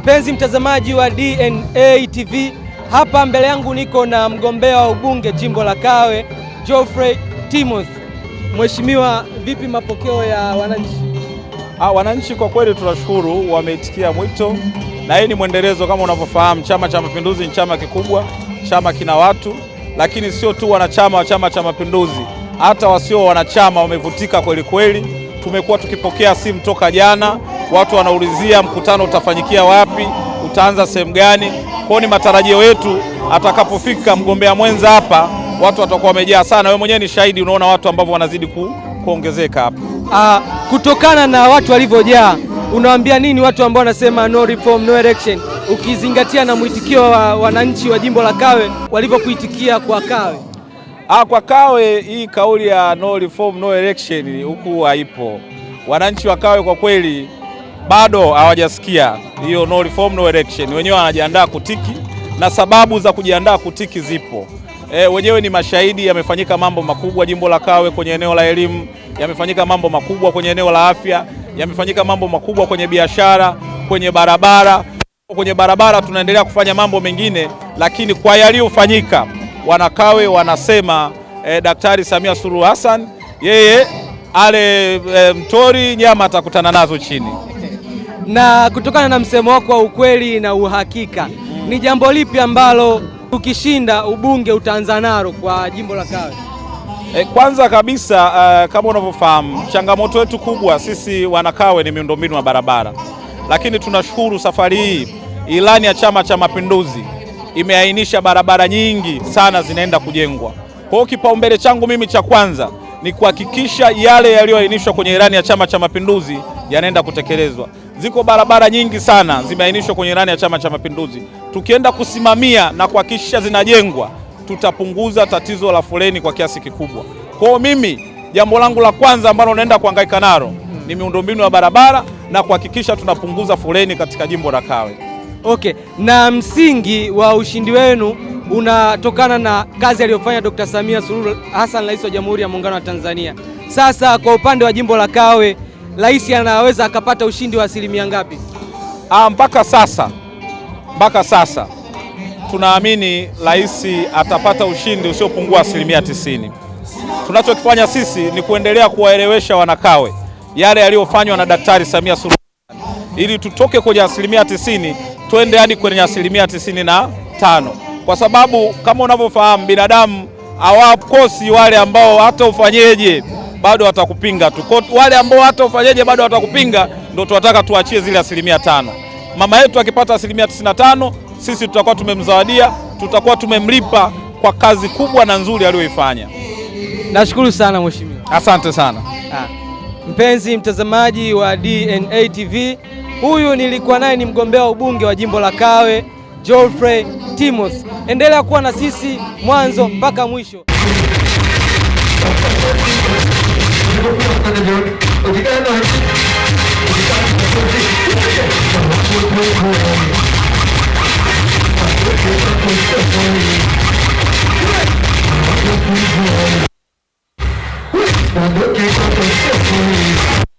Mpenzi mtazamaji wa DNA TV, hapa mbele yangu niko na mgombea wa ubunge jimbo la Kawe Geoffrey Timothy. Mheshimiwa, vipi mapokeo ya wananchi? Ah, wananchi kwa kweli tunashukuru, wameitikia mwito na hii ni mwendelezo. Kama unavyofahamu, Chama cha Mapinduzi ni chama kikubwa, chama kina watu, lakini sio tu wanachama wa Chama cha Mapinduzi, hata wasio wanachama wamevutika kweli kweli. Tumekuwa tukipokea simu toka jana watu wanaulizia mkutano utafanyikia wapi, utaanza sehemu gani. Kwao ni matarajio yetu atakapofika mgombea mwenza hapa, watu watakuwa wamejaa sana. Wewe mwenyewe ni shahidi, unaona watu ambavyo wanazidi ku, kuongezeka hapa. Ah, kutokana na watu walivyojaa, unawaambia nini watu ambao wanasema no reform, no election, ukizingatia na mwitikio wa wananchi wa jimbo la Kawe walivyokuitikia kwa Kawe? Ah, kwa Kawe hii kauli ya no reform, no election huku haipo. Wananchi wa Kawe kwa kweli bado hawajasikia hiyo no reform no election. Wenyewe wanajiandaa kutiki na sababu za kujiandaa kutiki zipo. E, wenyewe ni mashahidi, yamefanyika mambo makubwa jimbo la Kawe kwenye eneo la elimu, yamefanyika mambo makubwa kwenye eneo la afya, yamefanyika mambo makubwa kwenye biashara, kwenye barabara. Kwenye barabara tunaendelea kufanya mambo mengine, lakini kwa yaliyofanyika wanakawe wanasema e, Daktari Samia Suluhu Hassan yeye ale e, mtori nyama atakutana nazo chini na kutokana na msemo wako wa ukweli na uhakika, ni jambo lipi ambalo ukishinda ubunge utaanza nalo kwa jimbo la Kawe? E, kwanza kabisa uh, kama unavyofahamu changamoto yetu kubwa sisi wanakawe ni miundombinu ya barabara, lakini tunashukuru safari hii ilani ya Chama cha Mapinduzi imeainisha barabara nyingi sana zinaenda kujengwa. Kwa hiyo kipaumbele changu mimi cha kwanza ni kuhakikisha yale yaliyoainishwa kwenye ilani ya Chama cha Mapinduzi yanaenda kutekelezwa ziko barabara nyingi sana zimeainishwa kwenye ilani ya Chama cha Mapinduzi. Tukienda kusimamia na kuhakikisha zinajengwa, tutapunguza tatizo la foleni kwa kiasi kikubwa. Kwao mimi, jambo langu la kwanza ambalo naenda kuhangaika nalo ni miundombinu ya barabara na kuhakikisha tunapunguza foleni katika jimbo la Kawe. Okay, na msingi wa ushindi wenu unatokana na kazi aliyofanya Dr. Samia Suluhu Hassan, Rais wa Jamhuri ya Muungano wa Tanzania. Sasa kwa upande wa jimbo la Kawe rais anaweza akapata ushindi wa asilimia ngapi? Ah, mpaka sasa mpaka sasa tunaamini rais atapata ushindi usiopungua asilimia tisini. Tunachokifanya sisi ni kuendelea kuwaelewesha wanakawe yale yaliyofanywa na Daktari Samia Suluhu ili tutoke kwenye asilimia tisini twende hadi kwenye asilimia tisini na tano kwa sababu kama unavyofahamu binadamu hawakosi wale ambao hata ufanyeje bado watakupinga tu. Kwa wale ambao hata ufanyeje bado watakupinga, ndio tunataka tuachie zile asilimia tano. Mama yetu akipata asilimia tisini na tano sisi tutakuwa tumemzawadia, tutakuwa tumemlipa kwa kazi kubwa na nzuri aliyoifanya. Nashukuru sana mheshimiwa, asante sana ha. Ah. Mpenzi mtazamaji wa DNA TV, huyu nilikuwa naye ni mgombea ubunge wa jimbo la Kawe Geoffrey Timos, Endelea kuwa na sisi mwanzo mpaka mwisho. I'm looking for the